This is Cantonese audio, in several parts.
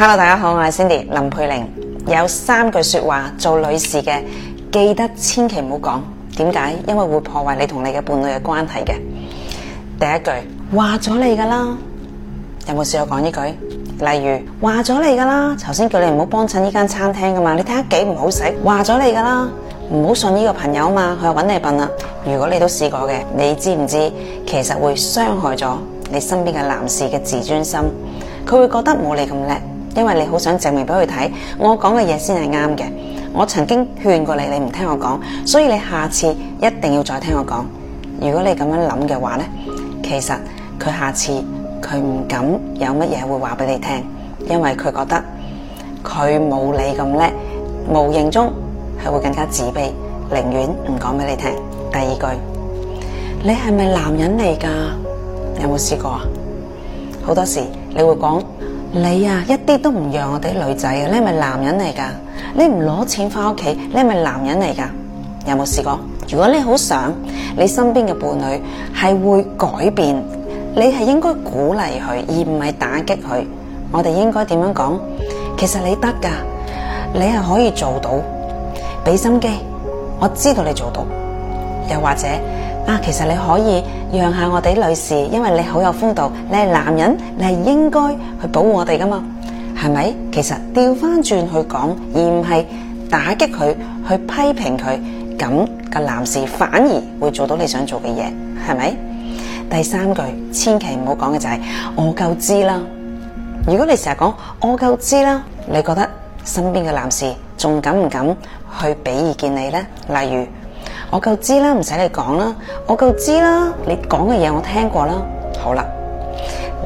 Hello，大家好，我係 Cindy 林佩玲。有三句說話做女士嘅，記得千祈唔好講。點解？因為會破壞你同你嘅伴侶嘅關係嘅。第一句，話咗你噶啦，有冇試過講呢句？例如話咗你噶啦，頭先叫你唔好幫襯呢間餐廳噶嘛，你睇下幾唔好食。話咗你噶啦，唔好信呢個朋友啊嘛，佢又搵你笨啦。如果你都試過嘅，你知唔知其實會傷害咗你身邊嘅男士嘅自尊心？佢會覺得冇你咁叻。因為你好想證明俾佢睇，我講嘅嘢先係啱嘅。我曾經勸過你，你唔聽我講，所以你下次一定要再聽我講。如果你咁樣諗嘅話呢，其實佢下次佢唔敢有乜嘢會話俾你聽，因為佢覺得佢冇你咁叻，無形中係會更加自卑，寧願唔講俾你聽。第二句，你係咪男人嚟㗎？有冇試過啊？好多時你會講。你呀、啊，一啲都唔讓我哋女仔嘅，你係咪男人嚟噶？你唔攞錢翻屋企，你係咪男人嚟噶？有冇試過？如果你好想你身邊嘅伴侶係會改變，你係應該鼓勵佢，而唔係打擊佢。我哋應該點樣講？其實你得噶，你係可以做到，俾心機，我知道你做到。又或者。啊，其實你可以讓下我哋女士，因為你好有風度，你係男人，你係應該去保護我哋噶嘛，係咪？其實調翻轉去講，而唔係打擊佢，去批評佢，咁個男士反而會做到你想做嘅嘢，係咪？第三句，千祈唔好講嘅就係我夠知啦。如果你成日講我夠知啦，你覺得身邊嘅男士仲敢唔敢去俾意見你呢？例如。我夠知啦，唔使你講啦，我夠知啦。你講嘅嘢我聽過啦。好啦，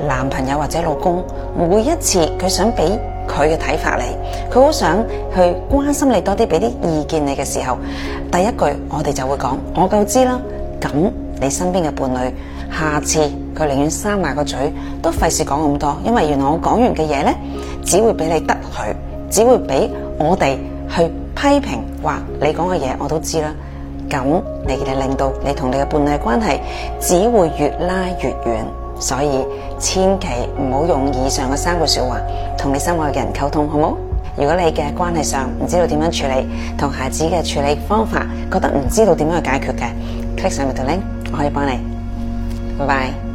男朋友或者老公每一次佢想俾佢嘅睇法你，佢好想去關心你多啲，俾啲意見你嘅時候，第一句我哋就會講我夠知啦。咁你身邊嘅伴侶，下次佢寧願閂埋個嘴，都費事講咁多，因為原來我講完嘅嘢呢，只會俾你得佢，只會俾我哋去批評話你講嘅嘢我都知啦。咁你哋令到你同你嘅伴侶關係只會越拉越遠，所以千祈唔好用以上嘅三句說話同你心愛嘅人溝通，好冇？如果你嘅關係上唔知道點樣處理，同孩子嘅處理方法覺得唔知道點樣去解決嘅，click 上面條 link，我可以幫你。拜拜。